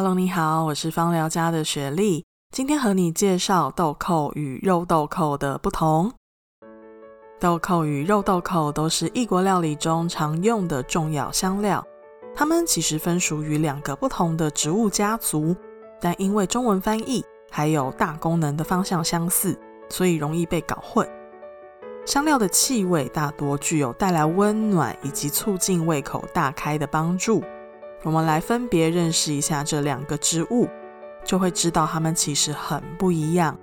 Hello，你好，我是芳療家的雪莉，今天和你介紹豆蔻與肉豆蔻的不同。豆蔻與肉豆蔻都是異國料理中常用的重要香料，它們其實分屬於兩個不同的植物家族，但因為中文翻譯還有大功能的方向相似，所以容易被搞混。香料的氣味大多具有帶來溫暖以及促進胃口大開的幫助。我們來分別認識一下這兩個植物，就會知道它們其實很不一樣。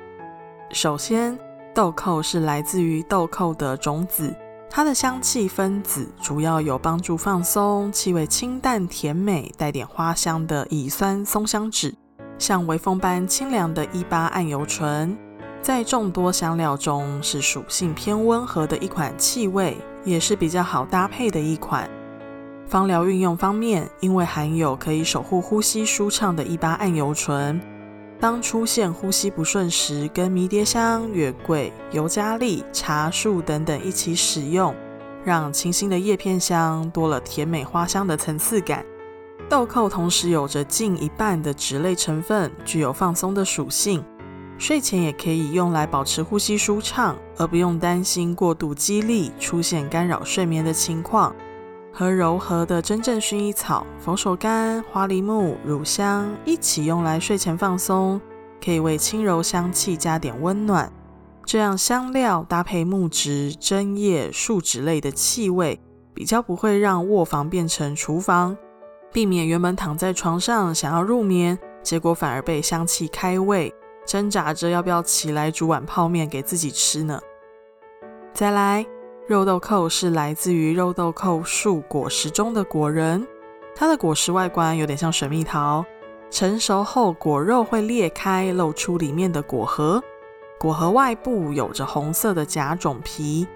首先，豆蔻是來自於豆蔻的種子，它的香氣分子主要有幫助放鬆、氣味清淡甜美、帶點花香的乙酸松香酯，像微風般清涼的 1,8- 桉油醇，在眾多香料中是屬性偏溫和的一款氣味，也是比較好搭配的一款。芳療運用方面，因為含有可以守護呼吸舒暢的 1,8- 桉油醇，當出現呼吸不順時，跟迷迭香、月桂、尤加利、茶樹等等一起使用，讓清新的葉片香多了甜美花香的層次感。豆蔻同時有着近一半的酯類成分，具有放鬆的屬性，睡前也可以用來保持呼吸舒暢，而不用擔心過度激勵出現干擾睡眠的情況。和柔和的真正薰衣草、佛手柑、花梨木、乳香一起用來睡前放鬆，可以為輕柔香氣加點溫暖。這樣香料搭配木質、針葉、樹脂類的氣味，比較不會讓臥房變成廚房，避免原本躺在床上想要入眠，結果反而被香氣開胃，掙扎着要不要起來煮碗泡麵給自己吃呢？再來。肉豆蔻是來自於肉豆蔻樹果實中的果仁，它的果實外觀有點像水蜜桃，成熟後果肉會裂開，露出裡面的果核，果核外部有着紅色的假種皮，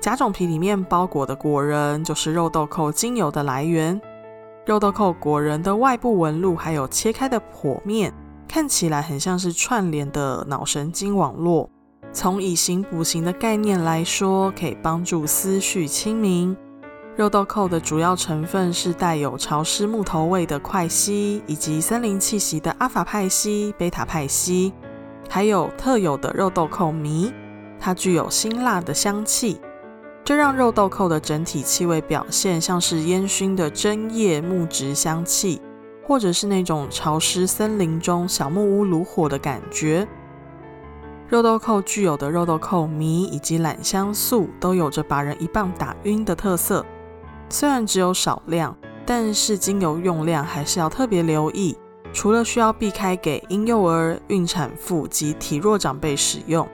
假種皮裡面包裹的果仁就是肉豆蔻精油的來源。肉豆蔻果仁的外部紋路還有切開的剖面，看起來很像是串聯的腦神經網絡。從以形補形的概念來說，可以幫助思緒清明。肉豆蔻的主要成分是帶有潮濕木頭味的檜烯，以及森林氣息的阿法蒎烯、貝塔蒎烯，還有特有的肉豆蔻醚。它具有辛辣的香氣，這讓肉豆蔻的整體氣味表現像是煙燻的針葉木質香氣，或者是那種潮濕森林中小木屋爐火的感覺。肉豆蔻具有的肉豆蔻醚以及欖香素都有着把人一棒打暈的特色，雖然只有少量，但是精油用量還是要特別留意。除了需要避開給嬰幼兒、孕產婦及體弱長輩使用，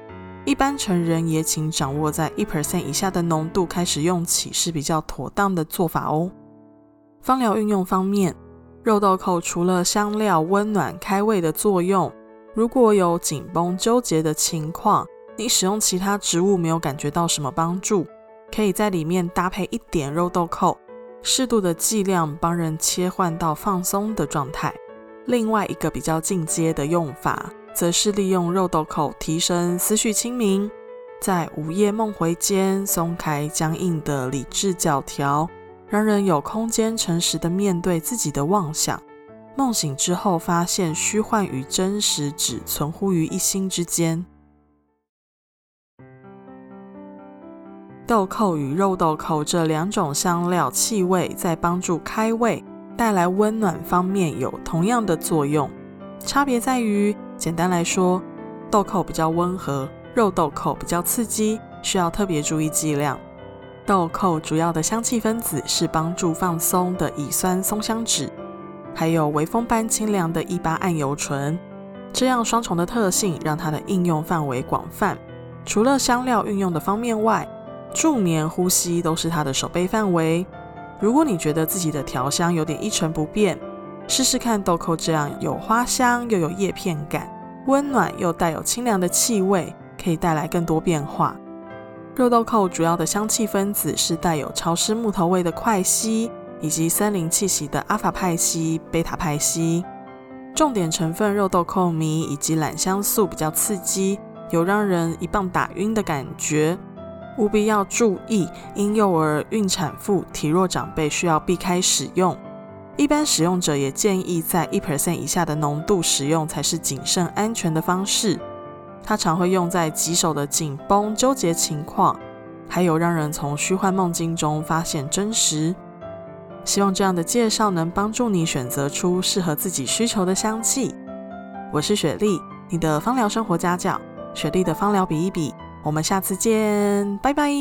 一般成人也請掌握在1%以下的濃度開始用起是比較妥當的做法哦。芳療運用方面，肉豆蔻除了香料溫暖開胃的作用，如果有緊繃糾結的情況，你使用其他植物沒有感覺到什麼幫助，可以在裡面搭配一點肉豆蔻，適度的劑量幫人切換到放鬆的狀態。另外一個比較進階的用法，則是利用肉豆蔻提升思緒清明，在午夜夢迴間鬆開僵硬的理智教條，讓人有空間誠實的面對自己的妄想。夢醒之後，發現虛幻與真實只存乎於一心之間。豆蔻與肉豆蔻這兩種香料，氣味在幫助開胃、帶來溫暖方面有同樣的作用，差別在於，簡單來說，豆蔻比較溫和，肉豆蔻比較刺激，需要特別注意劑量。豆蔻主要的香氣分子是幫助放鬆的乙酸松香酯。還有微風般清涼的 1,8- 桉油醇，這樣雙重的特性讓它的應用範圍廣泛。除了香料運用的方面外，助眠呼吸都是它的守備範圍。如果你覺得自己的調香有點一成不變，試試看豆蔻這樣有花香又有葉片感，溫暖又帶有清涼的氣味，可以帶來更多變化。肉豆蔻主要的香氣分子是帶有潮濕木頭味的檜烯。以及森林氣息的阿法蒎烯、貝塔蒎烯。重點成分肉豆蔻醚，以及欖香素比較刺激，有讓人一棒打暈的感覺，務必要注意嬰幼兒、孕產婦、體弱長輩需要避開使用。一般使用者也建議在一 percent 以下的濃度使用才是謹慎安全的方式。它常會用在棘手的緊繃、糾結情況，還有讓人從虛幻夢境中發現真實。希望這樣的介紹能幫助你選擇出適合自己需求的香氣。我是雪莉，你的芳療生活家教。雪莉的芳療比一比，我們下次見，拜拜。